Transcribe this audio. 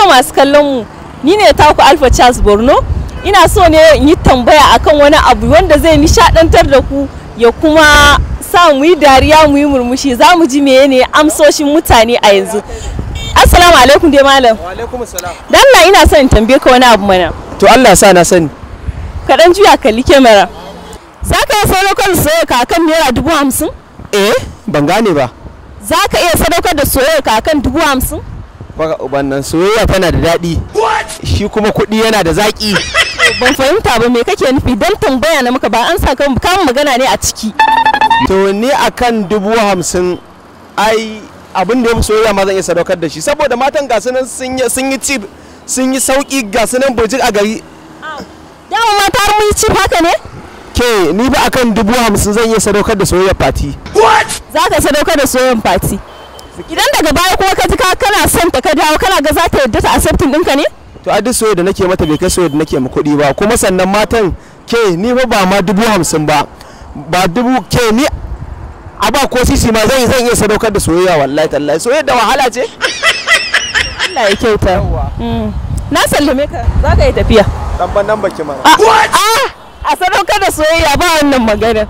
so masu kallon mu ni ne taku alfa charles borno ina so ne in yi tambaya akan wani abu wanda zai nishadantar da ku ya kuma sa mu yi dariya mu yi murmushi za mu ji meye ne amsoshin mutane a yanzu assalamu alaikum dai malam wa alaikum assalam dan na ina son in tambaye ka wani abu mana to Allah sa na sani ka dan juya kalli kamera za ka yi sadaukar soyayya kakan naira dubu hamsin eh ban gane ba za ka iya sadaukar da soyayya kakan dubu hamsin baka uban nan soyayya tana da daɗi shi kuma kuɗi yana da zaƙi ban fahimta ba me kake nufi don tambaya na muka ba an sa kan magana ne a ciki to ni akan dubu hamsin ai abin da ya fi soyayya ma zan iya sadaukar da shi saboda matan ga nan sun yi cib sun yi sauki ga nan burjik a gari dama mata har mun yi cib haka ne ke ni ba akan dubu hamsin zan iya sadaukar da soyayyar fati za ka sadaukar da soyayyar fati idan daga baya kuma ka ji ta yadda ta accepting ɗinka ne to a duk soyayya da nake mata bai kai soyayya da nake ma kuɗi ba kuma sannan matan ke ni ba ba ma dubu hamsin ba ba dubu ke ni a ba ko sisi ma zai zan iya sadaukar da soyayya wallahi tallahi soyayya da wahala ce Allah ya kyauta mm. na sallame ka za ka yi tafiya dan ban nan baki mana a sadaukar da soyayya ba wannan magana